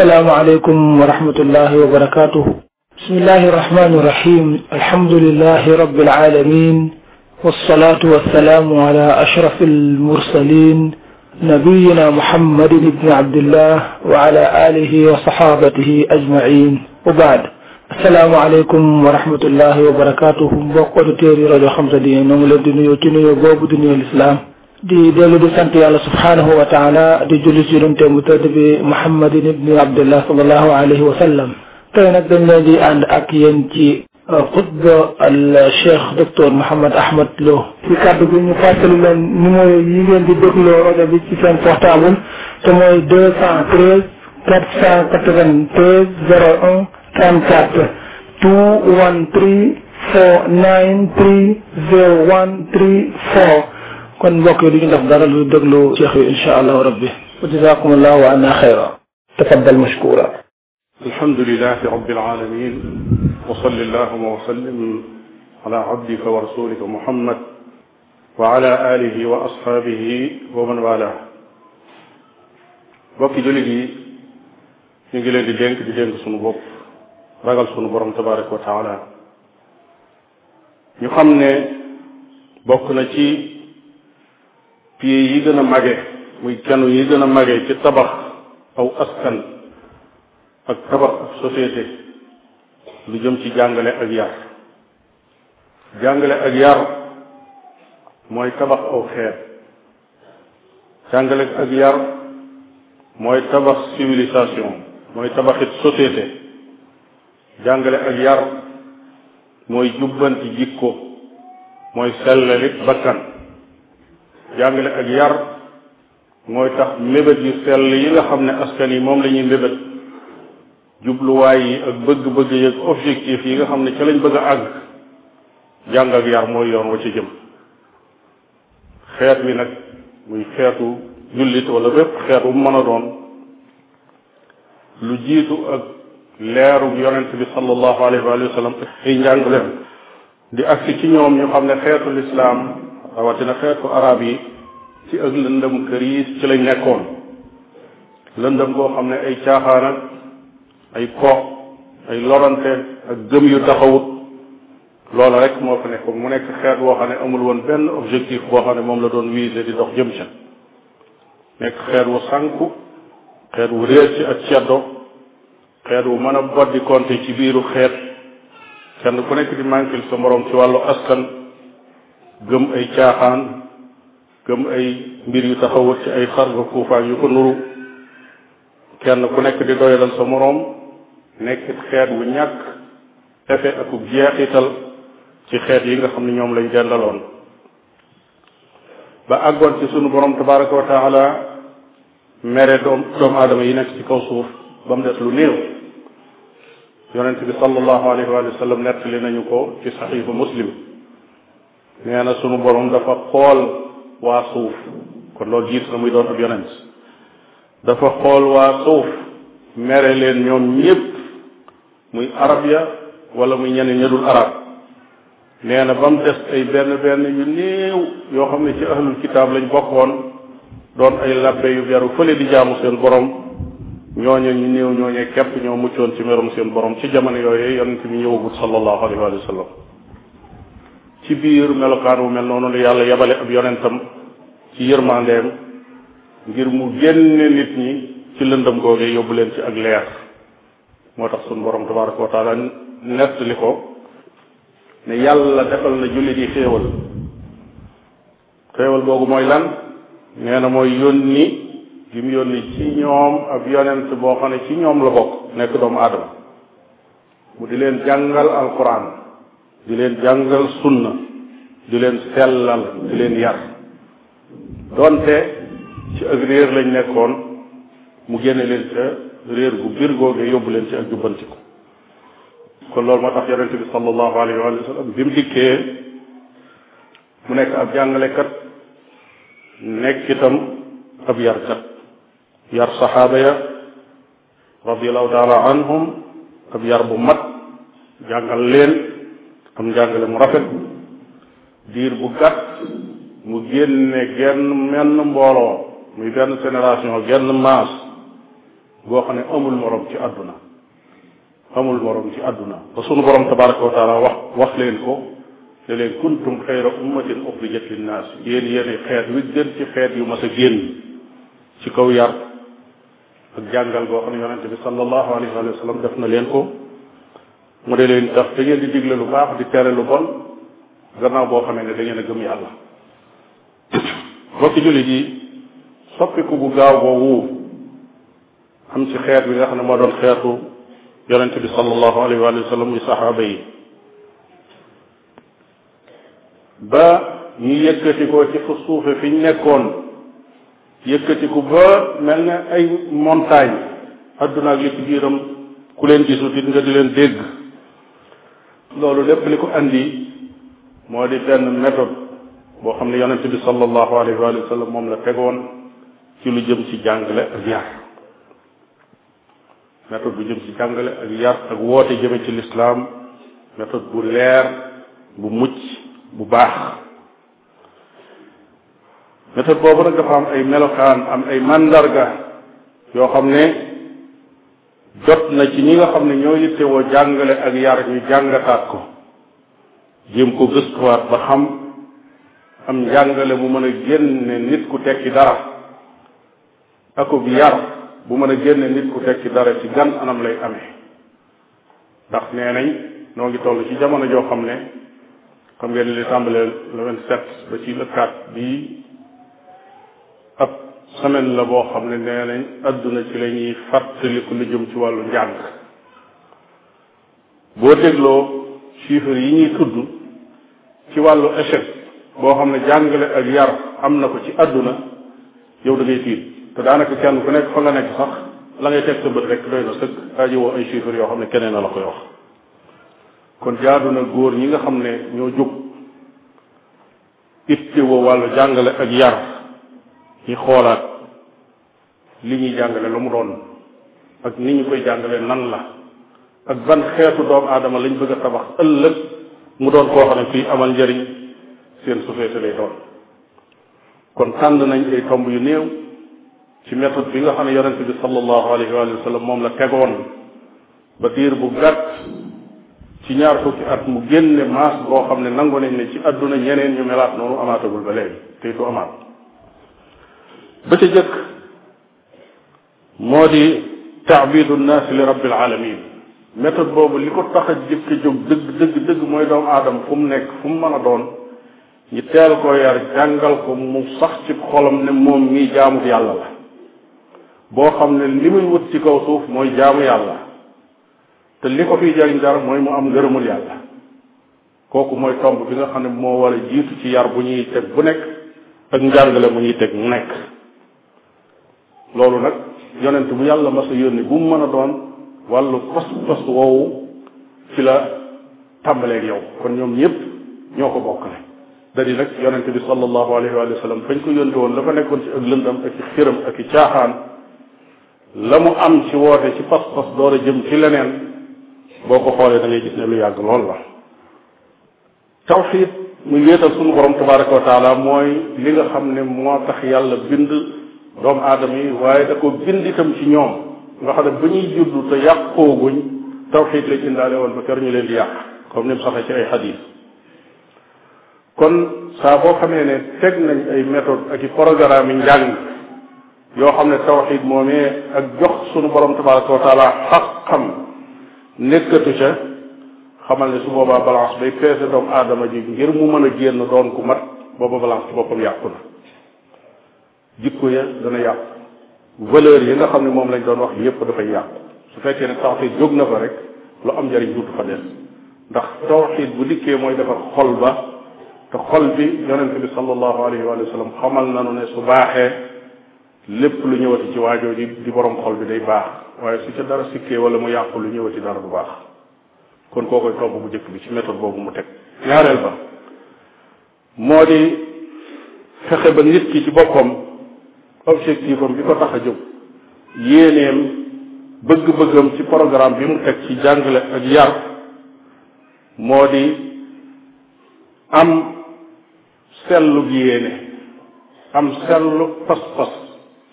السلام عليكم ورحمة الله وبركاته بسم الله الرحمن الرحيم الحمد لله رب العالمين والصلاة والسلام على أشرف المرسلين نبينا محمد بن عبد الله وعلى آله وصحابته أجمعين وبعد assalaamu aleykum wa rahmatullahi wa barakatuhu mbokk auditeurs yi rajo Xamsa di ñoo ngi leen di nuyoo ci nuyoo boobu di nuyoo lislaam di dellu di sant yàlla subhaanahu wa taala di julli ci yonente bu tëdd bi Muhammadin ibni Abdullah sallallahu alayhi wa sallam tey nag dañ leen di ànd ak yéen ci uh, xutba al cheikh docteur Mouhamed Ahmed Lo ci kàddu gi ñu fàttali leen numéro yi ngeen di dégloo rajo bi ci seen portable te mooy deux cent treize quatre cent quatre-vingt-treize zéro un trente-quatre two one three four nine three zero one three four kon mbokk yi du ñu def dara lu déglu cheikh yi incha allahu rabbi wa jazakum allahu wa anna xayra tafaddal mashkura alhamdulilahi rabbil alamin wa salli allahuma wa sallim ala abdika wa rasulika muhammad wa ala alihi wa ashaabihi wa man wala bokki jullit yi ñu ngi leen di dénk di dénk suñu bopp ragal suñu borom tabaraka wa taala ñu xam ne bokk na ci pieds yi gën a mage muy kenu yi gën a mage ci tabax aw askan ak tabax société lu jëm ci jàngale ak yar jàngale ak yar mooy tabax aw xeet jàngale ak yar mooy tabax civilisation mooy tabaxit société jàngale ak yar mooy jubbanti jikko mooy sellalit bakkan jàngale ak yar mooy tax mébét yu sell yi nga xam ne askan yi moom lañuy ñuy jubluwaay yi ak bëgg-bëgg yi objectif yi nga xam ne ca lañ bëgg a àgg jàng ak yar mooy yoon wa ci jëm xeet wi nag muy xeetu jullit wala bépp xeet wu mën a doon lu jiitu ak leerug yonent bi sallallahu alayhi wa sallam ay njàngaleem di agsi ci ñoom ñu xam ne xeetu lislaam rawatina xeetu arab yi ci ak lëndëm kër yi ci lañ nekkoon lëndëm koo xam ne ay caaxaan ak ay ko ay lorante ak gëm yu taxawut loolu rek moo fa nekkoon mu nekk xeet woo xam ne amul woon benn objectif boo xam ne moom la doon visé di dox jëm ca nekk xeet wu sànku xeet wu réer ci ak ceddo xeet wu mën a boddi ci biiru xeet kenn ku nekk di manquil sa moroom ci wàllu askan gëm ay caaxaan gëm ay mbir yu taxawat ci ay xar nga yu ko nuru kenn ku nekk di doyalal sa moroom nekkit xeet wu ñàkk effet ak jeexital ci xeet yi nga xam ne ñoom lañ dendaloon ba àggoon ci sunu boroom tabaraka wa taala mere doom doomu aadama yi nekk ci kaw suuf ba mu des lu néew yonent bi sallallahu alayhi wa nettali nañu ko ci saxiifu muslim nee na sunu borom dafa xool waa suuf kon loolu jiitu na muy doon ab yonent dafa xool waa suuf mere leen ñoom ñépp muy arab ya walla muy ñeneen ña arab nee na ba mu des ay benn benn yu néew yoo xam ne ci ahlul kitaab lañ bokkoon doon ay labbe yu beru fële di jaamu seen borom ñooñe ñu néew ñooñe képp ñoo muccoon ci merum seen borom ci jamono yooyu yonent bi ñëwagul sallallahu alayhi wa sallam ci biir melokaan wu mel noonu la yàlla yebale ab yonentam ci yërmandeem ngir mu génne nit ñi ci lëndam googee yóbbu leen ci ak leer moo tax sunu borom tabaraka wa taala nett li ko ne yàlla defal na jullit yi xéewal xéewal googu mooy lan nee na mooy yónni gi mu yónni ci ñoom ab yonent boo xam ne ci ñoom la bokk nekk doomu aadama mu di leen jàngal alquran di leen jàngal sunna di leen sellal di leen yar donte ci ak réer lañ nekkoon mu génne leen ca réer gu biir yóbbu leen ci ak jubbanti ko kon loolu moo tax yonente bi sallallahu wa sallam bi mu dikkee mu nekk ab jàngalekat nekk itam ab yarkat yar saxaaba ya radiallahu taala anhum ab yar bu mat jàngal leen am njàngale mu rafet diir bu gàtt mu ne genn menn mbooloo muy benn génération genn maas boo xam ne amul moroom ci àdduna amul morom ci àdduna ba sunu borom tabaraka wa wax wax leen ko te leen kuntum xayra ummatin uxrijat linnaas yéen yéen xeet wi gën ci xeet yu ma a génn ci kaw yar ak jàngal goo xam ne yonente bi sallallahu alayhi wa def na leen ko mu de leen tax dangeen di digle lu baax di tere lu bon gannaaw boo xamee ne da ngeen a gëm yàlla ci jullit yi soppiku bu gaaw boobu am ci xeet bi nga xam ne moo doon xeetu yonente bi sallallahu alayhi wa sallam muy saxaaba yi ba ñu yëkkati ko ci fu suufe fi ñu nekkoon yëkkatiku ba mel ne ay montagne adduna ak giiram ku leen gisu tit nga di leen dégg loolu lépp li ko indi moo di benn méthode boo xam ne yonente bi sallallahu alayhi wa sallam moom la tegoon ci lu jëm ci jàngale ak yar metod bu jëm ci jàngale ak yar ak woote jëme ci lislaam méthode bu leer bu mucc bu baax méthode boobu nag dafa am ay melokaan am ay mandarga yoo xam ne jot na ci ñi nga xam ne ñoo yittewoo jàngale ak yar ñu jàngataat ko jéem ko gëstuwaat ba xam am njàngale bu mën a génne nit ku tekki dara akub yar bu mën a génne nit ku tekki dara ci gan anam lay amee ndax nee nañ noo ngi toll ci jamono joo xam ne xam ngeen li tàmbalee le vingt sept ba ci le quatre bii ab semaine la boo xam ne nee àdduna ci la ñuy fàttaliku lu jëm ci wàllu njàng boo dégloo chiffres yi ñuy tudd ci wàllu échec boo xam ne jàngale ak yar am na ko ci àdduna yow da ngay tiit te daanaka kenn ku nekk fa nga nekk sax la ngay teg sa bët rek doy na sëkk aji ay chiffres yoo xam ne keneen na la koy wax kon jaadu na góor ñi nga xam ne ñoo jóg itti woo wàllu jàngale ak yar ci xoolaat li ñuy jàngale lu mu doon ak ni ñu koy jàngalee nan la ak ban xeetu doomu aadama lañ bëgg a tabax ëllëg mu doon koo xam ne kuy amal njëriñ seen société lay doon kon tànn nañ ay tomb yu néew ci méthode bi nga xam ne yonente bi sallallahu alayhi wa sallam moom la tegoon ba diir bu gàtt ci ñaar fukki at mu génne maas boo xam ne nangu nañ ne ci àdduna ñeneen ñu melaat noonu amaatagul ba léegi tey du amaat ba ca jëkk moo di taabidu nnaas li rabbil alamin metod boobu li ko tax a jëkk a jóg dëgg dëgg dëgg mooy doomu aadama fu mu nekk fu mu mën a doon ñu teel ko yar jàngal ko mu sax ci xolam ne moom mii jaamut yàlla la boo xam ne li muy wut ci kaw suuf mooy jaamu yàlla te li ko fiy jariñ dara mooy mu am ngërëmul yàlla kooku mooy tomb bi nga xam ne moo war a jiitu ci yar bu ñuy teg bu nekk ak njàngale mu ñuy teg mu nekk loolu nag yonent bu yàlla ma a yónni bu mu mën a doon wàllu pas-pas woowu fi la tàmbaleeg yow kon ñoom ñëpp ñoo ko bokk ne dari nag yonent bi sallallahu alayhi wa sallam fañ ko yónni woon dafa nekkoon ci ak lëndam ak i xiram ak i caaxaan la mu am ci woote ci pas-pas door a jëm ci leneen boo ko xoolee da gis ne lu yàgg lool la tawxiid muy wéetal sunu borom tabaraka wa taala mooy li nga xam ne moo tax yàlla bind doomu aadama yi waaye da ko bind itam ci ñoom nga xam ne ba ñuy juddu te yàqooguñ tawxiid lañ indaale woon ba kër ñu leen di yàq comme ni mu saxee ci ay xadiis kon saa boo xamee ne teg nañ ay méthode ak i programme yi njàng yoo xam ne tawxiid moomee ak jox sunu borom tabaraka wa taala xaqam nekkatu ca xamal ne su boobaa balance bay peese doomu aadama ji ngir mu mën a génn doon ku mat booba balance ci boppam yàqu na jikko ya dana yàqu valeur yi nga xam ne moom lañ doon wax yépp dafay yàqu su fekkee ne tawxid jóg na fa rek lu am njariñ duutu fa des ndax tawxid bu dikkee mooy defar xol ba te xol bi yonente bi sallallahu alayhi wa sallam xamal ne su baaxee lépp lu ñëwati ci waajoo ji di borom xol bi day baax waaye su ca dara sikkee wala mu yàqu lu ñëwati dara bu baax kon koo koy tomb bu njëkk bi ci méthode boobu mu teg ñaareel ba moo di fexe ba nit ki ci boppam objectif am bi ko tax a jóg yéeneem bëgg-bëggam ci programme bi mu teg ci jàngale ak yar moo di am sellu gi yéene am sellu pas-pas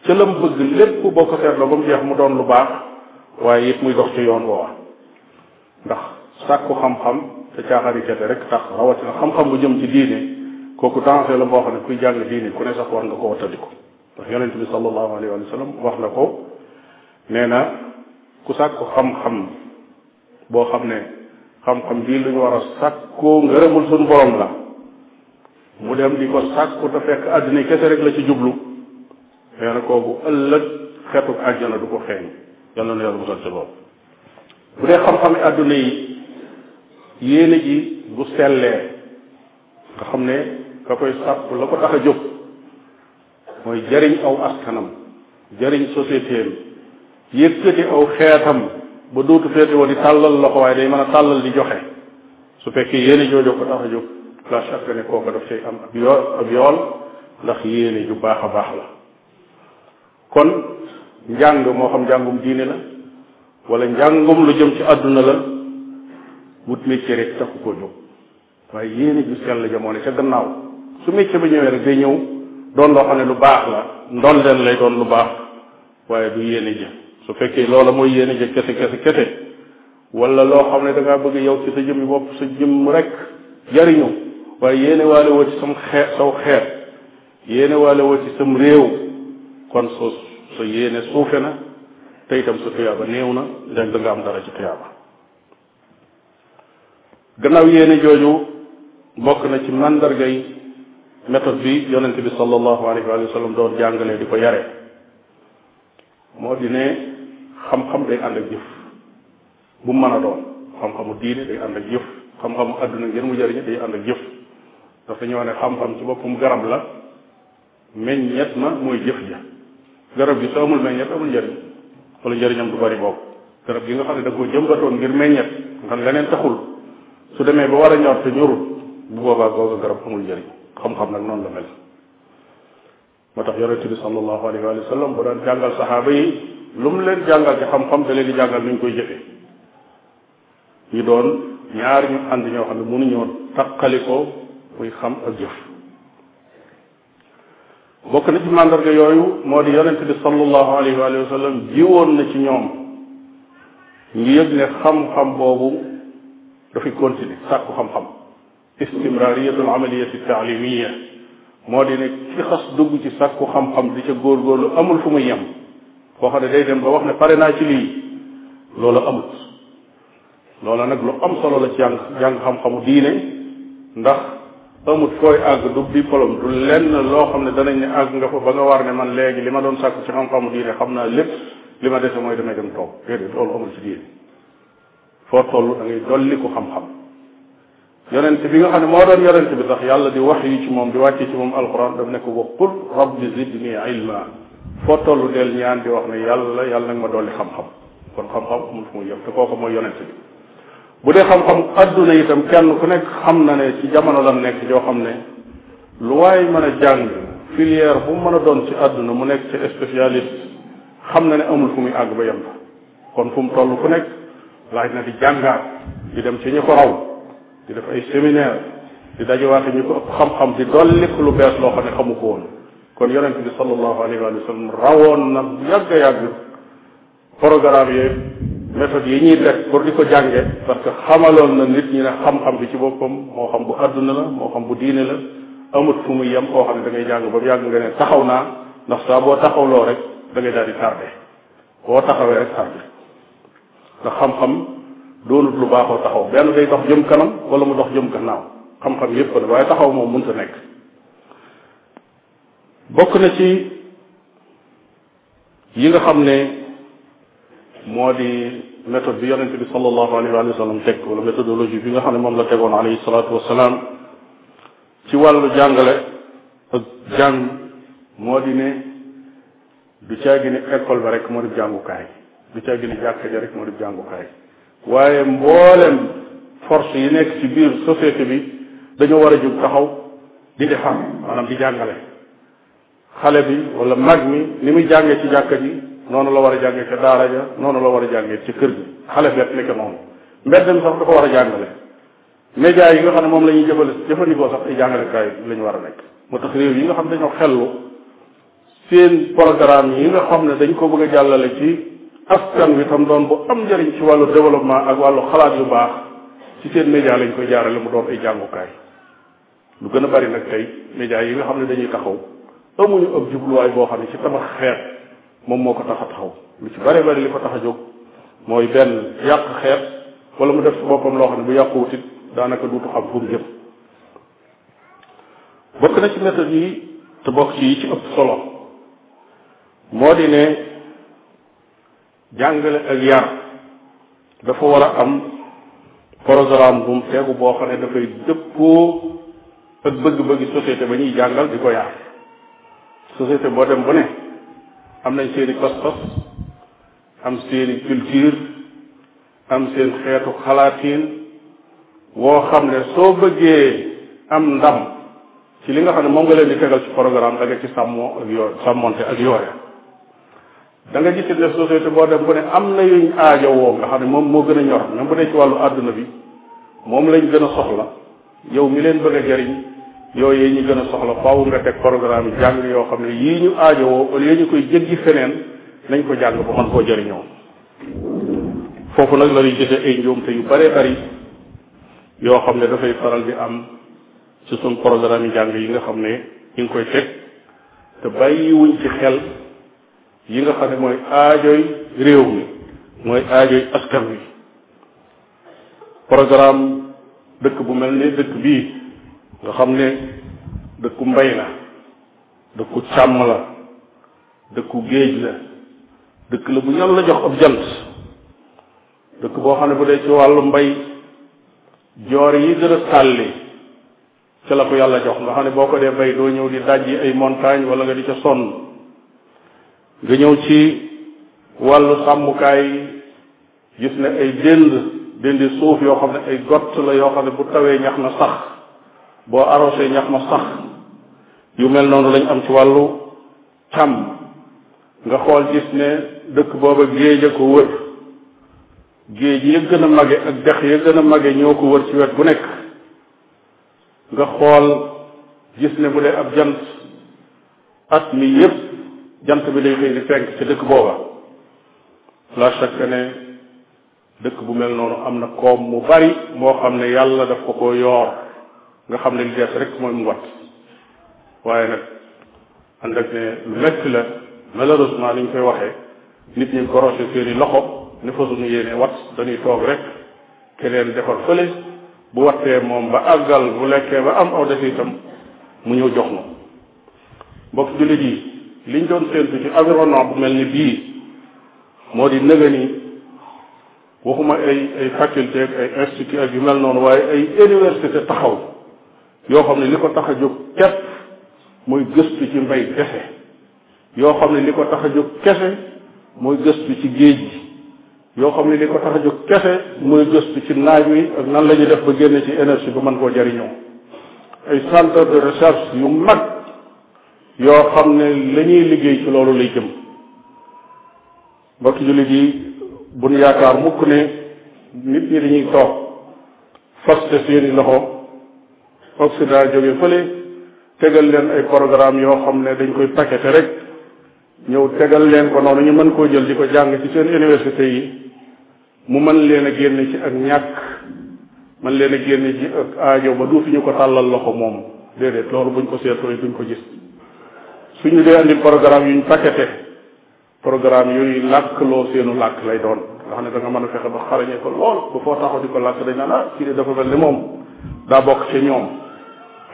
ca bëgg lépp boo ko seetloo ba mu jeex mu doon lu baax waaye it muy dox ci yoon woowa ndax sàkku xam-xam te caaxari kete rek tax rawatina xam-xam bu jëm ci diine kooku danger la boo xam ne kuy jàng diine ku ne sax war nga ko wattandiko ndax yonent bi sallallahu wax na ko nee na ku sàkku xam-xam boo xam ne xam-xam bii lu ñu war a sàkkoo ngërëmul suñu borom la mu dem di ko sàkku te fekk àddina kese rek la ci jublu nee na kooku ëllëg xetu àjjana du ko xeeñ yàlla na yàlla musal ci loolu bu dee xam-xami àdduna yi yéene ji bu sellee nga xam ne ka koy sàkku la ko tax a jóg mooy jariñ aw askanam jariñ société am yëkkati aw xeetam ba dootu féete woo di tàllal loxo waaye day mën a tàllal di joxe su fekkee yéene joojo ko tax a jóg la chaque ne kooku daf cay am ab yool ab yool ndax yéene ju baax a baax la kon njàng moo xam njàngum diine la wala njàngum lu jëm ci àdduna la wut métier rek taxu koo jóg waaye yéene ju sell ja ne ca gannaaw su métier ba ñëwee rek day ñëw doon loo xam ne lu baax la ndoon leen lay doon lu baax waaye du yéene ja su fekkee loola mooy yéene ja kese kese kese wala loo xam ne danga bëgg yow ci sa jëmmi bopp sa jëmm rek jariñu waaye yéene waale woo ci sam xeet saw xeet yéene woo ci sam réew kon soo sa yéene suufe na te itam sa tuyaaba néew na ndax da am dara ci tuyaaba gannaaw yéene jooju bokk na ci mandargay méthode bi yonente bi sallallahu alayhi wa sallam doon jàngale di ko yare moo di ne xam-xam day ànd ak jëf bu mën a doon xam-xamu diine day ànd ak jëf xam-xamu mu jëriñ day ànd ak jëf dafa ñoo ne xam-xam ci boppam garab la meññet ma mooy jëf ja garab gi soo amul meññet amul njëriñ wala njëriñam du bari boobu garab gi nga xam ne da ko jëmbatoon ngir meññet nga xam leneen taxul su demee ba war a ñor te ñorul bu boobaa googa garab amul njëriñ xam-xam nag noonu la mel moo tax yonente bi sallallahu alayhi wa sallam bu daan jàngal saxaaba yi lu mu leen jàngal ci xam-xam da leen di jàngal nu ñu koy jëfee ñu doon ñaar ñu ànd ñoo xam ne mënuñoo taqali ko muy xam ak jëf bokk na ci màndarga yooyu moo di yonente bi sallallahu alayhi wa sallam jiwoon na ci ñoom ngi yëg ne xam-xam boobu dafay continuer sàkku xam-xam istimraariyatul amaliyati taalimiya moo di ne ki xas dugg ci sàkku xam-xam di ca góorgóorlu amul fu muy yem foo xam ne day dem ba wax ne pare naa ci lii loolu amul loola nag lu am solo la ci jàng jàng xam-xamu diine ndax amut fooy àgg du diplôme du lenn loo xam ne danañ ne àgg nga fa ba nga war ne man léegi li ma doon sàkku ci xam-xamu diine xam naa lépp li ma dese mooy damay dem toog déedéet loolu amul ci diine foo toll da ngay dolli ko xam-xam yonent bi nga xam ne moo doon yonent bi sax yàlla di wax yi ci moom di wàcce ci moom alquran daf ne ko wa qul rabbi zidni ilma foo tollu del ñaan di wax ne yàlla yàlla nag ma dolli xam-xam kon xam-xam amul fu muy yëpp te kooku mooy yonent bi bu dee xam-xam adduna itam kenn ku nekk xam na ne ci jamono la nekk joo xam ne lu waay mën a jàng filière bu mën a doon ci adduna mu nekk ci spécialiste xam na ne amul fu muy àgg ba yem kon fu mu toll ku nekk laaj na di jàngaat di dem ci ñu ko raw di def ay séminaire di dajewaate ñu ko ëpp xam-xam di dolli lu bees loo xam ne xamu ko woon kon yonent bi sallallahu alayhi wa sallam rawoon na yàgg yàgg programme yi méthode yi ñuy teg pour di ko jànge parce que xamaloon na nit ñi ne xam-xam bi ci boppam moo xam bu àdduna la moo xam bu diine la amut fu muy yem koo xam ne da jàng ba mu yàgg nga ne taxaw naa ndax saa boo taxawloo rek da ngay daal di tardé boo taxawee rek tardé ndax xam-xam doonut lu baaxoo taxaw benn day dox jëm kanam wala mu dox jëm gannaaw xam-xam yépp ne waaye taxaw moom mënta nekk bokk na ci yi nga xam ne moo di méthode bi yonente bi sallallahu alayhi wa sallam teg wala méthodologie bi nga xam ne moom la tegoon alayhi salaatu wasalaam ci wàllu jàngale ak jàng moo di ne du caagi ne école ba rek moo di jàngukaay du caagi ne jàkka ja rek moo di jàngukaay waaye mboolem force yi nekk ci biir société bi dañoo war a jóg taxaw di defar maanaam di jàngale xale bi walla mag mi ni muy jàngee ci jàkka ji noonu la war a jàngee ca daara ja noonu la war a jàngee ci kër gi xale bi nekk noonu mbedd mi sax dafa war a jàngale médias yi nga xam ne moom la ñuy jëfale jëfandikoo sax di jàngalekaay la ñu war a nekk moo tax réew yi nga xam dañoo xellu seen programme yi nga xam ne dañ ko bëgg a jàllale ci askan wi tam doon bu am njëriñ ci wàllu développement ak wàllu xalaat yu baax ci seen média lañu koy jaarale mu doon ay jàngukaay lu gën a bari nag tey média yi nga xam ne dañuy taxaw amuñu ab jubluwaay boo xam ne ci tabax xeet moom moo ko tax taxaw lu ci bari bari li ko tax a jóg mooy benn yàq xeet wala mu def si boppam loo xam ne bu yàquwut it daanaka duutu xam fu mu jëm bokk na ci méthode yi te bokk yi ci ëpp solo moo di ne jàngale ak yar dafa war a am programme bu mu tegu boo xam ne dafay dëppoo ak bëgg-bëggi société ba ñuy jàngal di ko yar société boo dem bu ne am nañ seeni pas-pas am seeni culture am seen xeetu xalaatiin woo xam ne soo bëggee am ndam ci li nga xam ne moom nga leen di tegal ci programme da ci sàmmoo ak yoo sàmmonte ak yooya danga nga gisit ne boo dem bu ne am na yuñ aajo woo nga xam ne moom moo gën a ñor même bu dee ci wàllu àdduna bi moom lañ gën a soxla yow mi leen bëgg a jariñ yooyu ñu gën a soxla faaw nga teg programme yi yoo xam ne yii ñu aajowoo au lieu ñu koy jéggi feneen nañ ko jàng ba mën koo jëriñoo foofu nag la ñuy gisee ay njuumte yu bare bari yoo xam ne dafay faral di am ci suñ programme yi jàng yi nga xam ne ñu ngi koy teg te bàyyiwuñ ci xel yi nga xam ne mooy aajoy réew mi mooy aajoy askan wi programme dëkk bu mel ne dëkk bii nga xam ne dëkku mbay la dëkku càmm la dëkku géej la dëkk la bu yàlla jox ab jant dëkk boo xam ne bu dee ci wàllu mbay joor yi gën a sàlli ca la ko yàlla jox nga xam ne boo ko dee bay doo ñëw di dajji ay montagne wala nga di ca sonn nga ñëw ci wàllu sàmmukaay gis ne ay dénd déndi suuf yoo xam ne ay gott la yoo xam ne bu tawee ñax ma sax boo arrosé ñax ma sax yu mel noonu lañ am ci wàllu càmm nga xool gis ne dëkk booba géej a ko wër géej ya gën a mage ak dex ya gën a mage ñoo ko wër ci wet bu nekk nga xool gis ne bu dee ab jant at mi yépp jant bi day xëy di fenk ci dëkk booba la chaque année dëkk bu mel noonu am na koom mu bari moo xam ne yàlla daf ko ko yoor nga xam ne li des rek mooy mu wat waaye nag ànd ak ne lu métti la malheureusement ni ñu koy waxee nit ñi gorose seen i loxo ne fa suñu yéene wat dañuy toog rek keneen defar fële bu wattee moom ba àggal bu lekkee ba am aw des itam mu ñëw jox ma mbokk jullit yi liñ doon séntu ci environnement bu mel ni bii moo di nëga ni waxuma ay ay faculté ak ay institut ak yu mel noonu waaye ay université taxaw yoo xam ne li ko tax a jóg képp mooy gëstu ci mbay kese yoo xam ne li ko tax a jóg kese mooy gëstu ci géej gi yoo xam ne li ko tax a jóg kese mooy gëstu ci naaj wi ak nan la def ba génne ci énergie ba mën koo jariñoo ay centre de recherche yu mag yoo xam ne lañuy liggéey ci loolu lay jëm mbokki jullit yi buñ yaakaar mukk ne nit ñi dañuy toog faste seeni loxo Occident jóge fële tegal leen ay programme yoo xam ne dañ koy paqueté rek ñëw tegal leen ko noonu ñu mën koo jël di ko jàng ci seen université yi mu mën leen a génn ci ak ñàkk mën leen a génn ci ak aajo ba du fi ñu ko tàllal loxo moom déedéet loolu buñ ko seetoo duñ ko gis suñu dee andi programme yuñ paqueté programme yooyu loo seenu làkk lay doon nga xam ne da nga mën a fexe ba xarañee ko lool bu foo taxaw di ko làkk dañ naan ah kii de dafa mel ni moom daa bokk ci ñoom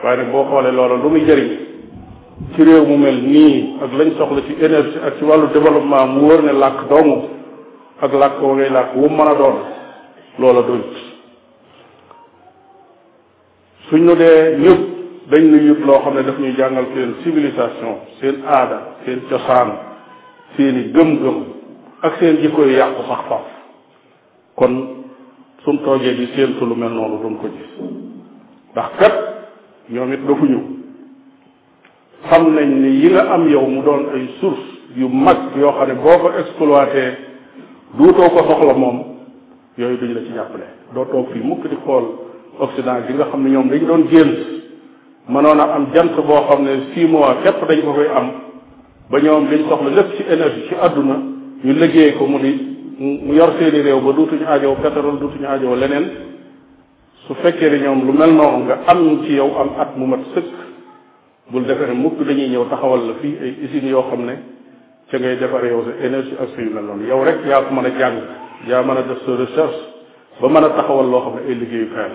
waaye nag boo xoolee loola lu muy jëriñ ci réew mu mel nii ak lañ soxla ci énergie ak ci wàllu développement mu wër ne làkk doomu ak làkk wa ngay làkk wu mën a doon loola doy suñu dee ñëpp dañ ñu yëpp loo xam ne daf ñuy jàngal seen civilisation seen aada seen cosaan seen i gëm-gëm ak seen jikko yu yàqu sax faf kon suñ toogee di séentu lu mel noonu duñ ko gis ndax kat ñoom it dafuñu xam nañ ni yi nga am yow mu doon ay source yu mag yoo xam ne boo ko exploité duutoo ko soxla moom yooyu duñ la ci jàppale doo toog fii mukk di xool Occident gi nga xam ne ñoom dañ doon génn mënoon a am jant boo xam ne six mois képp dañ ko koy am ba ñoom liñ soxla lépp ci énergie ci àdduna ñu liggéey ko mu ni mu yor seeni réew ba duutuñu ajoo pétrole duutuñu ajoo leneen su fekkee ne ñoom lu mel noonu nga am ci yow am at mu mat sëkk bul defee ne mukk dañuy ñëw taxawal la fii ay usines yoo xam ne ca ngay defar yow sa énergie ak suñu mel noonu yow rek yaa ko mën a jàng yaa mën a def sa recherche ba mën a taxawal loo xam ne ay liggéeyukaay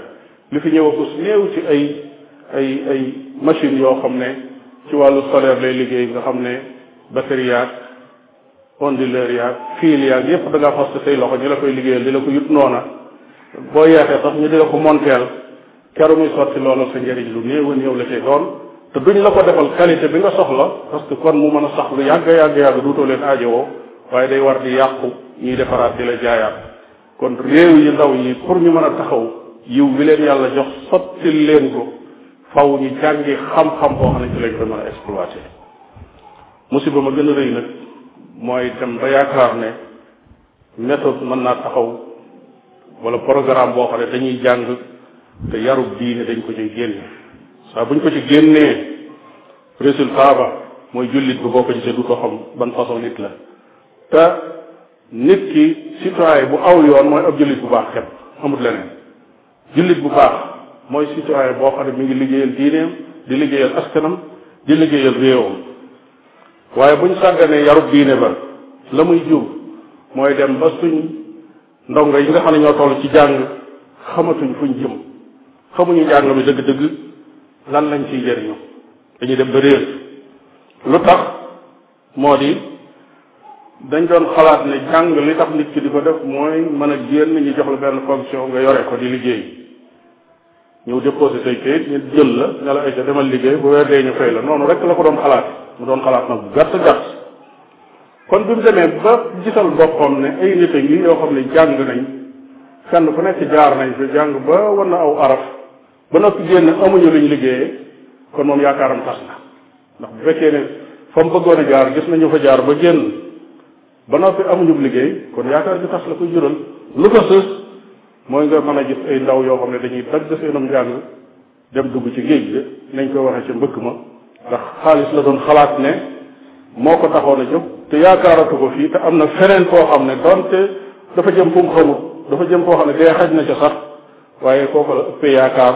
la li ay ay ay machines yoo xam ne ci wàllu solaire lay liggéey nga xam ne batterie yaag onduleur yaag fiil yaag yépp da ngaa fas say loxo ñu la koy liggéeyal di la ko yut noona boo yeexee sax ñu di la ko monteel keru muy sotti loola sa njëriñ lu néew a néew la cay doon te duñ la ko defal qualité bi nga soxla parce que kon mu mën a sax lu yàgg yàgg yàgg duutoo leen aajowoo waaye day war di yàqu ñuy defaraat di la jaayaat kon réew yi ndaw yi pour ñu mën a taxaw yiw bi leen yàlla jox ko faw ñu jàngi xam-xam boo xam ne ci lañ koy mën a exploité musiba ma gën a rëy nag mooy dem ba yaakaar ne méthode mën naa taxaw wala programme boo xam ne dañuy jàng te yarub diine dañ ko ci génne saa buñ ko ci génnee résultat ba mooy jullit bi boo ko gisee du ko xam ban façon nit la te nit ki citoyen bu aw yoon mooy ab jullit bu baax xet amut leneen jullit bu baax mooy citoyen boo xam ne mi ngi liggéeyal diineem di liggéeyal askanam di liggéeyal réewam waaye bu ñu sàgganee yarub diine ba la muy jur mooy dem ba suñ ndongo yi nga xam ne ñoo toll ci jàng xamatuñ fuñ jëm xamuñu njàng mi dëgg-dëgg lan lañ ciy jëriñu dañuy dem ba réer lu tax moo di dañ doon xalaat ni jàng li tax nit ki di ko def mooy mën a génn ñu jox la benn fonction nga yore ko di liggéey ñëw déposé say kayit ñu jël la ne ay sa demal liggéey bu weer dee ñu fay la noonu rek la ko doon xalaat mu doon xalaat nag bu gàtt gàtt kon bi mu demee ba gisal boppam ne ay nit a ngi yoo xam ne jàng nañ fenn fu nekk jaar nañ fi jàng ba war na aw araf ba noppi génn amuñu luñ liggéeyee kon moom yaakaaram tas na ndax bu fekkee ne fa mu bëggoon jaar gis nañu fa jaar ba génn ba noppi amuñu liggéey kon yaakaar gi tas la koy jural lu ko sës mooy nga mën a gis ay ndaw yoo xam ne dañuy dagg seenum njàng dem dugg ci géej gi nañ koy waxee ca mbëkk ma ndax xaalis la doon xalaat ne moo ko taxoon a jóg te yaakaaratu ko fii te am na feneen koo xam ne donte dafa jëm fu xamut dafa jëm koo xam ne dee xaj na ca sax waaye kooku la ëppee yaakaar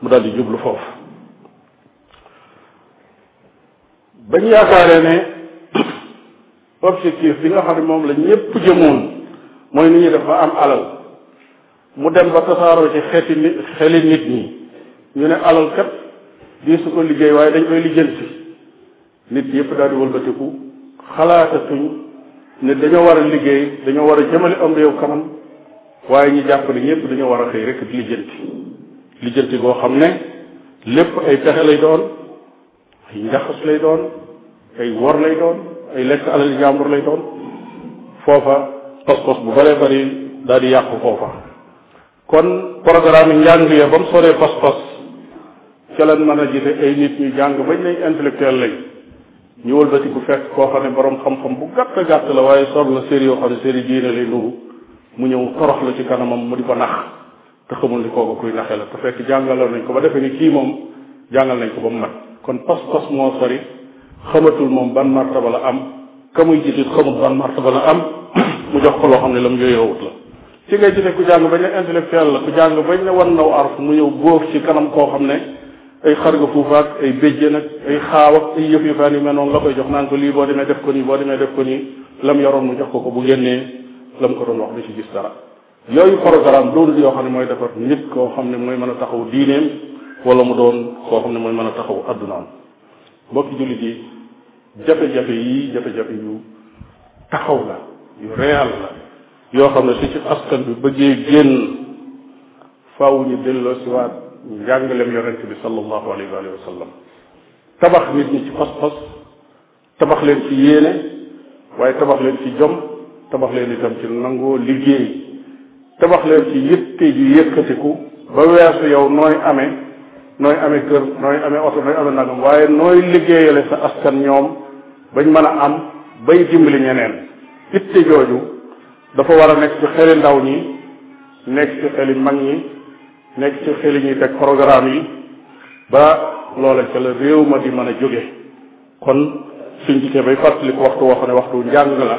mu dal di jublu foofu bañ yaakaaree ne objectif bi nga xam ne moom la ñëpp jëmoon mooy ni ñuy def am alal mu dem ba tasaaroo ci xeeti nit xeli nit ñi ñu ne alal kat di su ko liggéey waaye dañ koy lijjanti nit yëpp daal di wëlbatiku xalaatatuñ ne dañoo war a liggéey dañoo war a jëmale am réew kanam waaye ñu jàpp ne ñëpp dañoo war a xëy rek di lijjanti lijjanti goo xam ne lépp ay pexe lay doon ay njaxas lay doon ay wor lay doon ay lekk alal jàmbur lay doon foofa pas-pas bu bare bari daal di yàqu foofa kon programme yi njàng ya ba mu soree pas-pas ca lañ mën a gise ay nit ñu jàng bañ nañ intellectuel lañ ñu ku fekk koo xam ne borom xam-xam bu gàtt gàtt la waaye sol la séri yoo xam ne séri diine lay nuru mu ñëw torox la ci kanamam mu di ko nax te xamul ni kooku kuy naxe la te fekk jàngaloon nañ ko ba defee ni kii moom jàngal nañ ko ba mu mat kon pas-pas moo sori xamatul moom ban martaba la am ka muy jiitit xamut ban martaba la am mu jox ko loo xam ne la mu yooyowut ci ngay gisee ku jàng bañ ne intellectuel la ku jàng bañ ne wan naw arf mu ñëw góof ci kanam koo xam ne ay xarga fuufaak ay béjje nag ay xaaw ak ay yëf yëfaan yu mel noonu la koy jox naan ko lii boo demee def ko nii boo demee def ko nii lam yoroon mu jox ko ko bu génnee lam ko doon wax bi ci gis dara yooyu programme doonul yoo xam ne mooy defar nit koo xam ne mooy mën a taxaw diineem wala mu doon koo xam ne mooy mën a taxaw addunaam mbokki jullit yi jafe-jafe yi jafe-jafe yu taxaw yoo xam ne su ci askan bi bëggee génn faaw ñu delloo si waat njàngaleem yonent bi sallallahu alayhi wa tabax nit ñi waaye tabax leen ci jom tabax leen itam ci nangoo liggéey tabax leen ci yëtte ju yëkkatiku ba weesu yow nooy ame nooy amee kër nooy ame oto nooy amee nangam waaye nooy liggéeyale sa askan ñoom bañ mën a am bay dimbali ñeneen itte jooju dafa war a nekk ci xeli ndaw ñi nekk ci xeli mag ñi nekk ci xeli ñi teg programme yi ba loola ca la réew ma di mën a jóge kon suñ jikee bay fàttali ko waxtu wax ne waxtu njàng la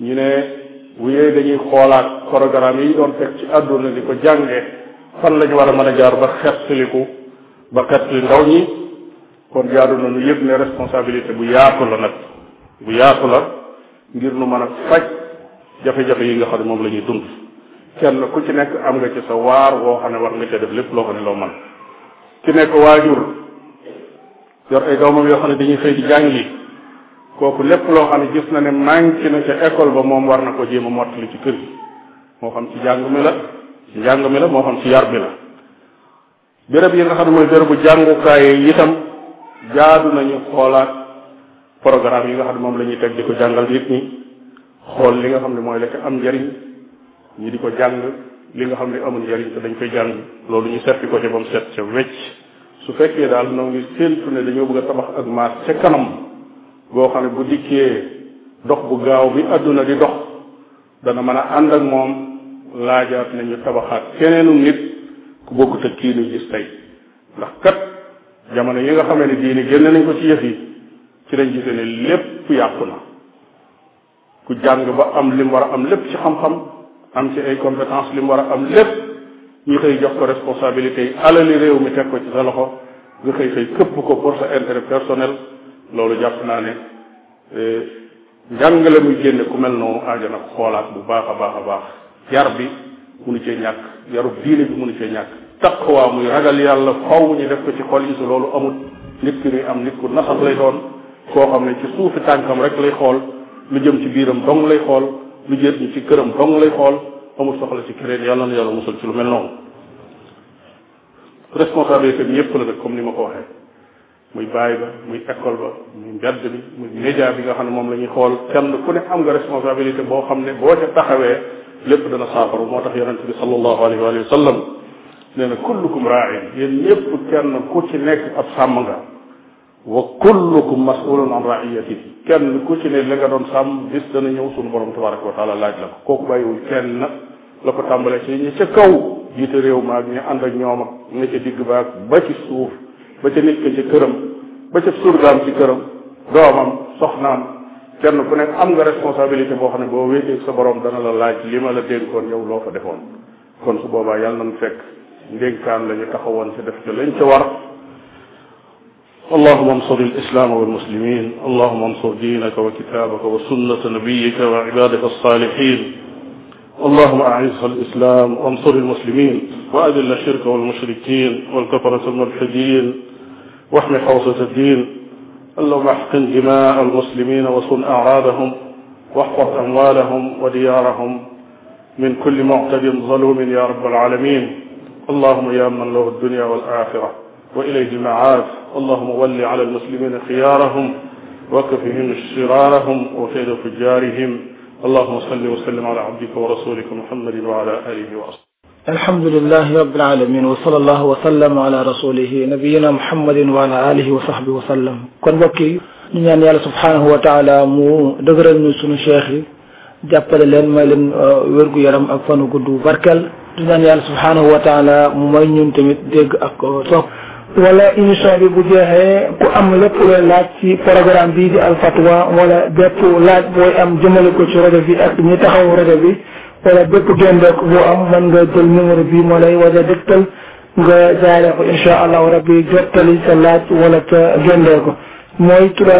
ñu ne bu dañuy xoolaat programme yi doon teg ci àdduna di ko jànge fan la ñu war a mën a jaar ba xettaliku ba xettali ndaw ñi kon jaadu na nu yëg ne responsabilité bu yaatu la nag bu yaatu la ngir nu mën a faj jafe-jafe yi nga xam ne moom la ñuy dund kenn ku ci nekk am nga ci sa waar woo xam ne war nga ca def lépp loo xam ne loo mën ci nekk waajur yor ay doomam yoo xam ne dañuy xëy di jàngi kooku lépp loo xam ne gis na ne manqué na ca école ba moom war na ko jéem a mottali ci kër gi moo xam ci jàng mi la ci njàng mi la moo xam ci yar bi la béréb yi nga xam ne mooy bérébu jàngukaay yi itam jaadu nañu xoolaat programme yi nga xam ne moom la ñuy teg di ko jàngal nit ñi xool li nga xam ne mooy la am njariñ ñi di ko jàng li nga xam ne amul njariñ te dañ koy jàng loolu ñu seppi ko ca ba mu set ca wecc su fekkee daal noo ngi séentu ne dañoo bëgg a tabax ak maas ca kanam goo xam ne bu dikkee dox bu gaaw bi àdduna di dox dana mën a ànd ak moom laajaat nañu tabaxaat keneenu nit ku bokkut ak kii nuy gis tey ndax kat jamono yi nga xamee ne diini génn nañ ko ci yëf yi ci lañ gise ne lépp yàqu na ku jàng ba am lim war a am lépp ci xam-xam am ci ay compétence lim war a am lépp ñu xëy jox ko responsabilité yi alali réew mi teg ko ci sa loxo nga xëy xëy këpp ko pour sa intérêt personnel loolu jàpp naa ne eh, njàngale muy génne ku mel noonu aajo na ko xoolaat bu baax a baax a baax yar bi munu cee ñàkk yaru diine bi munu cee ñàkk taqwa muy ragal yàlla faw ñu def ko ci xool yi su loolu amut nit ki muy am nit ku nasax lay doon koo xam ne ci suufi tànkam rek lay xool lu jëm ci biiram dong lay xool lu jëm ci këram dong lay xool amul soxla ci keneen yàlla na yàlla musal ci lu mel noonu responsabilité bi yépp la nag comme ni ma ko waxee muy bàyyi ba muy école ba muy mbedd bi muy média bi nga xam ne moom la ñuy xool kenn ku ne am nga responsabilité boo xam ne boo ca taxawee lépp dana saafaru moo tax yonente bi sallallahu alayhi wa sallam nee na kullukum raa'in yéen ñëpp kenn ku ci nekk ab sàmm nga wa kullukum masulun an raiyatihi kenn ku ci ne la nga doon sàmm bis dana ñëw sunu borom tabaraka wa taala laaj la ko kooku bàyyiwul kenn la ko tàmbalee ci ñi ca kaw jiite réew maa ak ñi ànd ak ñoom ak nga ca digg baag ba ci suuf ba ca nit ka ci këram ba ca surgaam ci këram doomam soxnaam kenn ku nekk am nga responsabilité boo xam ne boo wéeteeg sa borom dana la laaj li ma la dénkoon yow loo fa defoon kon su boobaa yàlla nañ fekk ndénkaan la ñu taxawoon ci def lañ ca war allahuma ansur alislaama walmuslimin allahuma ansur diinaka wa kitaabaka wa sunnata nabiyika wa cibaadaka alsaalixin allahuma aciz alislaam wa ansur almuslimin wa adil ashirka walmushrikin walkafarata almulxidin واحمي حوصة الدين اللهم احقن دماء المسلمين وصن أعراضهم واحفظ أموالهم وديارهم من كل معتد ظلوم يا رب العالمين اللهم يا من له الدنيا والآخرة وإليه المعاد اللهم ول على المسلمين خيارهم وكفهم شرارهم وكيد فجارهم اللهم صل وسلم على عبدك ورسولك محمد وعلى آله وأصحابه الحمد لله رب العالمين وصلى allahu wasallam ala rasulihi nabiyina muhammadin wa ala alihi wa sahbi wa sallam kon mbokk yi ñu ñaan yàlla subhaanahu wa taala mu dëgëral ñu sunu cheikh yi jàppale leen may leen euh, wérgu yaram ak fanu gudd barkeel di ñaan yàlla subhaanahu wa taala mu may ñun tamit dégg ak euh, topp wala émission bi bu jeexee ku am lépp looy laaj ci programme bii di Al Fatwa wala bépp laaj booy am jëmale ko ci rajo bi ak ñi taxaw rajo bi wala bépp gendook boo am man nga jël numéro bi moo lay waja dëgtal nga jaar ko incha allahu rabbi jottali sa laaj wala ca gendoo ko mooy 31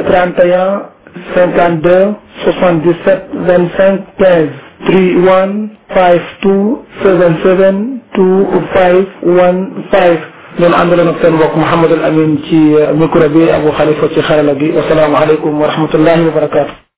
52 77 25 15 31 52 77 25 15 leen àndaloon ak seen mbokk Mouhamadul Amin ci micro bi Abou Khalifa ci xarala gi wasalaamualeykum wa rahmatullahi wa barakaatu.